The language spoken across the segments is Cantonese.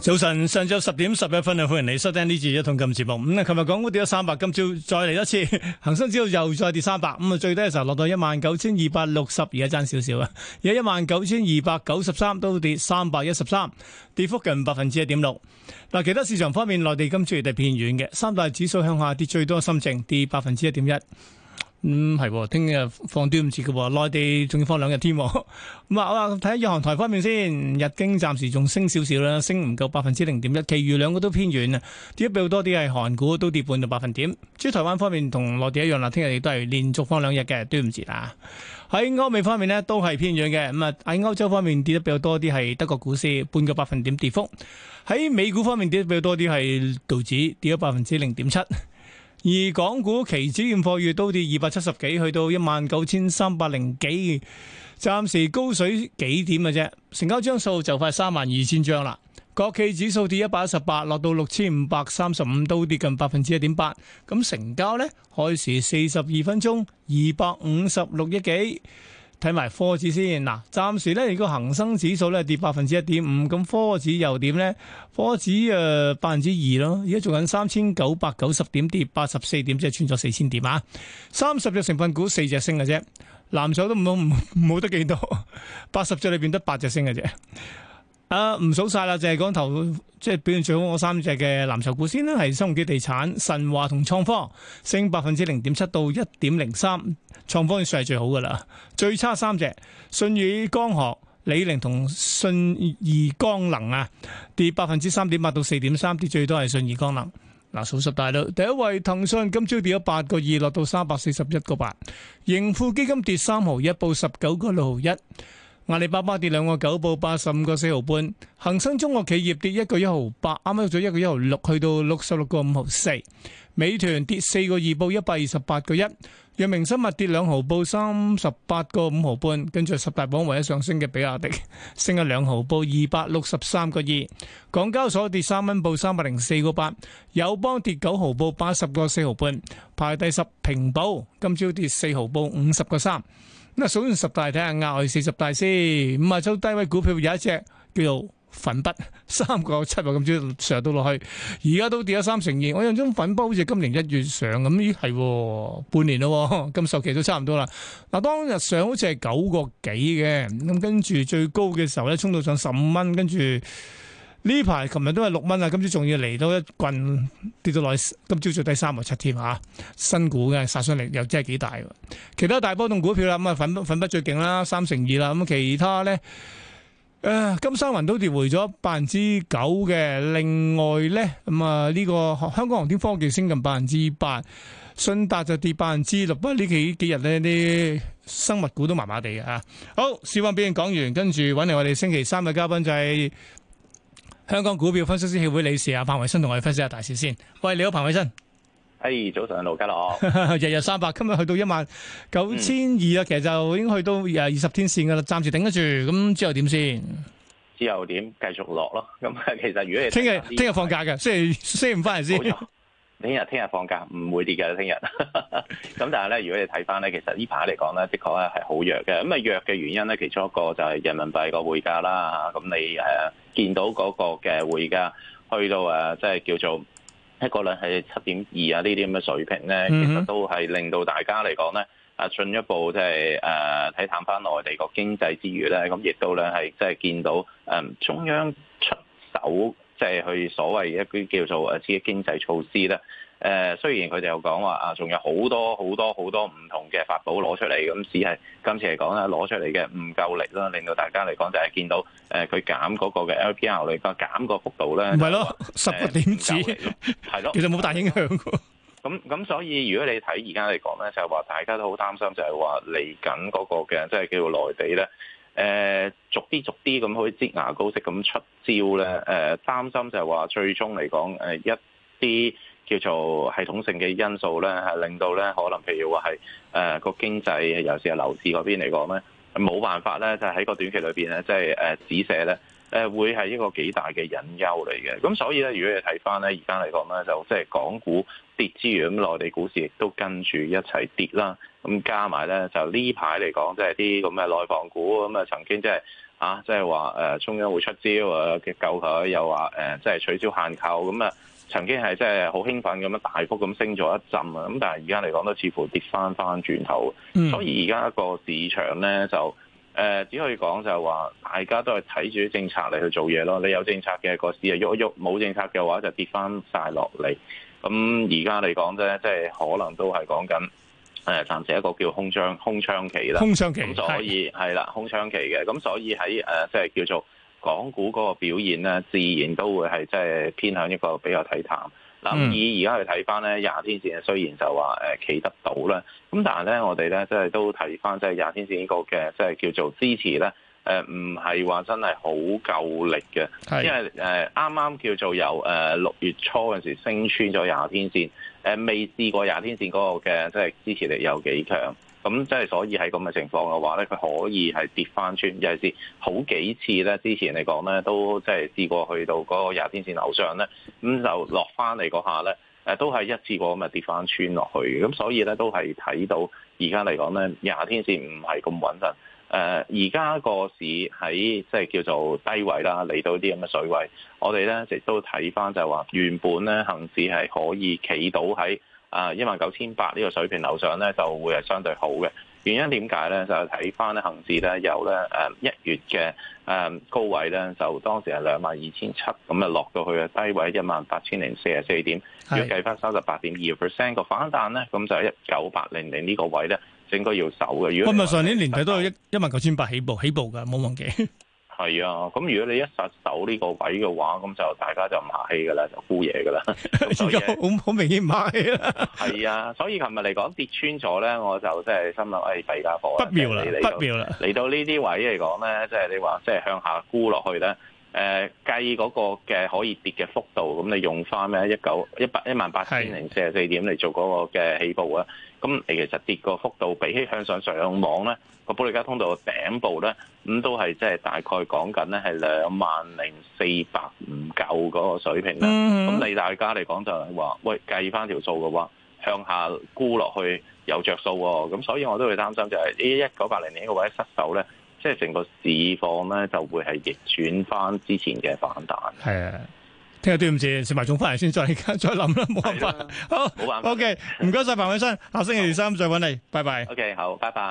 早晨，上晝十點十一分啊，歡迎你收聽呢節一通金節目。咁、嗯、啊，琴日港股跌咗三百，今朝再嚟一次，恒生指數又再跌三百，咁啊最低嘅時候落到 19, 260, 一萬九千二百六十，而家爭少少啊，有一萬九千二百九十三都跌三百一十三，跌幅近百分之一點六。嗱，其他市場方面，內地今朝係偏軟嘅，三大指數向下跌最多，深證跌百分之一點一。咁係，聽日、嗯、放端午節嘅，內地仲要放兩日添。咁啊，睇下日韓台方面先，日經暫時仲升少少啦，升唔夠百分之零點一，其餘兩個都偏軟。跌得比較多啲係韓股，都跌半個百分點。至於台灣方面同內地一樣啦，聽日亦都係連續放兩日嘅端午節啦。喺歐美方面呢，都係偏軟嘅，咁啊喺歐洲方面跌得比較多啲係德國股市半個百分點跌幅，喺美股方面跌得比較多啲係道指跌咗百分之零點七。而港股期指現貨月都跌二百七十幾，去到一萬九千三百零幾，暫時高水幾點嘅啫？成交張數就快三萬二千張啦。國企指數跌一百一十八，落到六千五百三十五，都跌近百分之一點八。咁成交咧，開市四十二分鐘，二百五十六億幾。睇埋科指先嗱，暫時咧如果恒生指數咧跌百分之一點五，咁科指又點咧？科指誒百分之二咯，而家做緊三千九百九十點，跌八十四點，即係穿咗四千點啊！三十隻成分股四隻升嘅啫，藍籌都冇冇冇得幾多，八十隻裏邊得八隻升嘅啫。啊，唔數曬啦，就係講頭，即係表現最好嗰三隻嘅藍籌股先啦，係新鴻基地產、神華同創科，升百分之零點七到一點零三，創科算係最好噶啦。最差三隻，舜宇光學、李寧同信義光能啊，跌百分之三點八到四點三，跌最多係信義光能。嗱，數十大啦，第一位騰訊今朝跌咗八個二，落到三百四十一個八，盈富基金跌三毫一，報十九個六毫一。阿里巴巴跌兩個九，報八十五個四毫半；恒生中國企業跌一個一毫八，啱啱再一個一毫六，去到六十六個五毫四；美團跌四個二，報一百二十八個一；藥明生物跌兩毫，報三十八個五毫半。跟住十大榜唯一上升嘅，比亞迪升咗兩毫，報二百六十三個二。港交所跌三蚊，報三百零四個八；友邦跌九毫，報八十個四毫半。排第十，平保今朝跌四毫，報五十個三。嗱，數完十大睇下額外四十大先，五十周低位股票有一隻叫做粉筆，三個七毫咁樣上到落去，而家都跌咗三成二。我印象粉筆好似今年一月上咁，咦係、哦、半年咯、哦，咁壽期都差唔多啦。嗱，當日上好似係九個幾嘅，咁跟住最高嘅時候咧，衝到上十五蚊，跟住。呢排琴日都係六蚊啦，今朝仲要嚟到一棍跌到落去，今朝最低三毫七添嚇，新股嘅殺傷力又真係幾大。其他大波動股票啦，咁啊粉粉筆最勁啦，三成二啦，咁、啊、其他咧，誒、呃、金山雲都跌回咗百分之九嘅，另外咧咁啊呢、這個香港航天科技升近百分之八，信達就跌百分之六，不過呢幾幾日呢啲生物股都麻麻地嘅吓。好，市況表現講完，跟住揾嚟我哋星期三嘅嘉賓就係、是。香港股票分析師協會理事阿彭偉新同我哋分析下大市先。喂，你好，彭偉新。誒，hey, 早上，盧嘉樂。日日三百，今日去到一萬九千二啊，其實就已經去到廿二十天線㗎喇，暫時頂得住。咁之後點先？之後點繼續落咯。咁啊，其實如果係聽日，聽日放假嘅，星期星期五翻嚟先。聽日聽日放假唔會跌嘅，聽日。咁但係咧，如果你睇翻咧，其實呢排嚟講咧，的確咧係好弱嘅。咁啊弱嘅原因咧，其中一個就係人民幣個匯價啦。咁你誒、呃、見到嗰個嘅匯價去到誒、呃，即係叫做一個咧係七點二啊呢啲咁嘅水平咧，mm hmm. 其實都係令到大家嚟講咧啊進一步即係誒睇淡翻內地個經濟之餘咧，咁亦都咧係即係見到誒、呃、中央出手。即係去所謂一啲叫做誒刺激經濟措施啦。誒、呃，雖然佢哋又講話啊，仲有好多好多好多唔同嘅法寶攞出嚟，咁只係今次嚟講咧，攞出嚟嘅唔夠力啦，令到大家嚟講就係見到誒佢、呃、減嗰個嘅 LPR 嚟講減個幅度咧，咪咯十點子，係咯，其實冇大影響嘅，嗯。咁咁 所以如果你睇而家嚟講咧，就係話大家都好擔心就、那個，就係話嚟緊嗰個嘅即係叫做內地咧。誒、呃、逐啲逐啲咁可以擠牙膏式咁出招咧，誒、呃、擔心就係話最終嚟講，誒、呃、一啲叫做系統性嘅因素咧，係令到咧可能譬如話係誒個經濟尤其是係樓市嗰邊嚟講咧，冇辦法咧就喺、是、個短期裏邊咧，即係誒止瀉咧，誒會係一個幾大嘅隱憂嚟嘅。咁所以咧，如果你睇返咧而家嚟講咧，就即係港股跌之餘，咁內地股市亦都跟住一齊跌啦。咁加埋咧，就呢排嚟講，即係啲咁嘅內房股咁啊，曾經即係啊，即係話誒，中央會出招啊，救佢，又話誒，即係取消限購，咁啊，曾經係即係好興奮咁樣大幅咁升咗一陣啊，咁但係而家嚟講都似乎跌翻翻轉頭，所以而家個市場咧就誒，只可以講就係話，大家都係睇住啲政策嚟去做嘢咯。你有政策嘅個市啊喐喐，冇政策嘅話就跌翻晒落嚟。咁而家嚟講咧，即係可能都係講緊。誒、哎，暫時一個叫空窗空窗期啦，咁所以係啦，空窗期嘅，咁所以喺誒，即、呃、係、係、叫做港股嗰個表現咧，自然都會係即係偏向一個比較睇淡。嗱、呃，以而家去睇翻咧，廿天線雖然就話誒企得到啦，咁但係咧，我哋咧即係都睇翻即係廿天線呢個嘅即係叫做支持咧。誒唔係話真係好夠力嘅，的因為誒啱啱叫做由誒六月初嗰陣時升穿咗廿天線，誒未試過廿天線嗰個嘅即係支持力有幾強，咁即係所以係咁嘅情況嘅話咧，佢可以係跌翻穿，尤其係好幾次咧之前嚟講咧都即係試過去到嗰個廿天線樓上咧，咁就落翻嚟嗰下咧，誒都係一次過咁啊跌翻穿落去嘅，咁所以咧都係睇到而家嚟講咧廿天線唔係咁穩陣。誒而家個市喺即係叫做低位啦，嚟到啲咁嘅水位，我哋咧亦都睇翻就話原本咧恆指係可以企到喺啊一萬九千八呢個水平樓上咧，就會係相對好嘅。原因點解咧？就睇翻咧恆指咧由咧誒一月嘅誒、呃、高位咧，就當時係兩萬二千七，咁啊落到去啊低位一萬八千零四十四點，要計翻三十八點二 percent 個反彈咧，咁就一九八零零呢個位咧。應該要守嘅。如果，今日上年年底都有一一萬九千八起步，起步嘅，冇忘記。係啊，咁如果你一失守呢個位嘅話，咁就大家就唔客氣嘅啦，就沽嘢嘅啦。而家好好明顯唔客氣啊。係 啊，所以琴日嚟講跌穿咗咧，我就真係心諗誒弊家伙啊。哎、不妙啦！不妙啦！嚟到呢啲位嚟講咧，即、就、係、是、你話即係向下沽落去咧，誒、呃、計嗰個嘅可以跌嘅幅度，咁你用翻咩一九一八一萬八千零四十四點嚟做嗰個嘅起步啊？咁你其實跌個幅度比起向上上網，咧，個保利加通道嘅頂部咧，咁都係即係大概講緊咧係兩萬零四百五夠嗰個水平啦。咁、mm hmm. 你大家嚟講就係話，喂計翻條數嘅話，向下沽落去有着數喎。咁所以我都會擔心就係呢一九八零年呢個位失守咧，即係成個市況咧就會係逆轉翻之前嘅反彈。係。聽日對唔住，食埋仲翻嚟先，再再諗啦，冇辦法。的好，冇辦法。O K，唔該晒，彭偉新。下星期三再揾你，拜拜。O、okay, K，好，拜拜。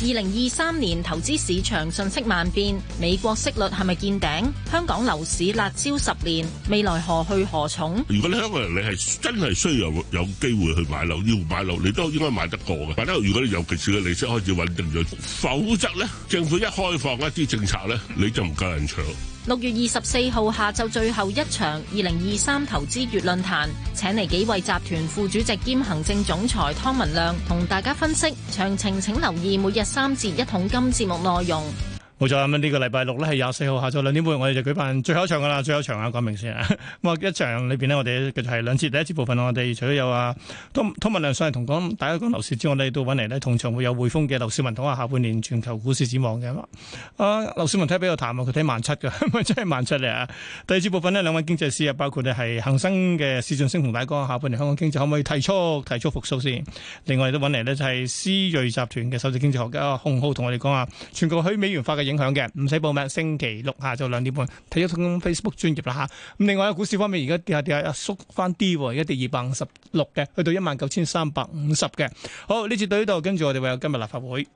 二零二三年投資市場瞬息萬變，美國息率係咪見頂？香港樓市辣椒十年，未來何去何從？如果你香港人，你係真係需要有有機會去買樓，要買樓，你都應該買得過嘅。但係如果你尤其是個利息開始穩定咗，否則咧，政府一開放一啲政策咧，你就唔夠人搶。 六月二十四號下晝最後一場二零二三投資月論壇，請嚟幾位集團副主席兼行政總裁湯文亮同大家分析，詳情請留意每日三節一桶金節目內容。冇錯咁呢個禮拜六咧係廿四號下晝兩點半，我哋就舉辦最後一場㗎啦，最後一場啊！講明先啊！咁 啊一場裏邊呢，我哋繼續係兩節，第一節部分我哋除咗有啊通通文亮上嚟同講，大家講樓市之外，我哋都揾嚟呢同場會有匯豐嘅劉小文講下下半年全球股市展望嘅。啊，劉小文睇比較淡啊，佢睇萬七嘅，咁 啊真係萬七嚟啊！第二節部分呢，兩位經濟師啊，包括咧係恒生嘅市場升同大家講，下半年香港經濟可唔可以提速？提速復甦先。另外都揾嚟呢就係思睿集團嘅首席經濟學家洪浩同我哋講下全球去美元化嘅。影響嘅，唔使報名。星期六下晝兩點半睇咗通 Facebook 專頁啦吓。咁另外喺股市方面，而家跌下跌下縮翻啲，而家跌二百五十六嘅，去到一萬九千三百五十嘅。好，呢節到呢度，跟住我哋會有今日立法會。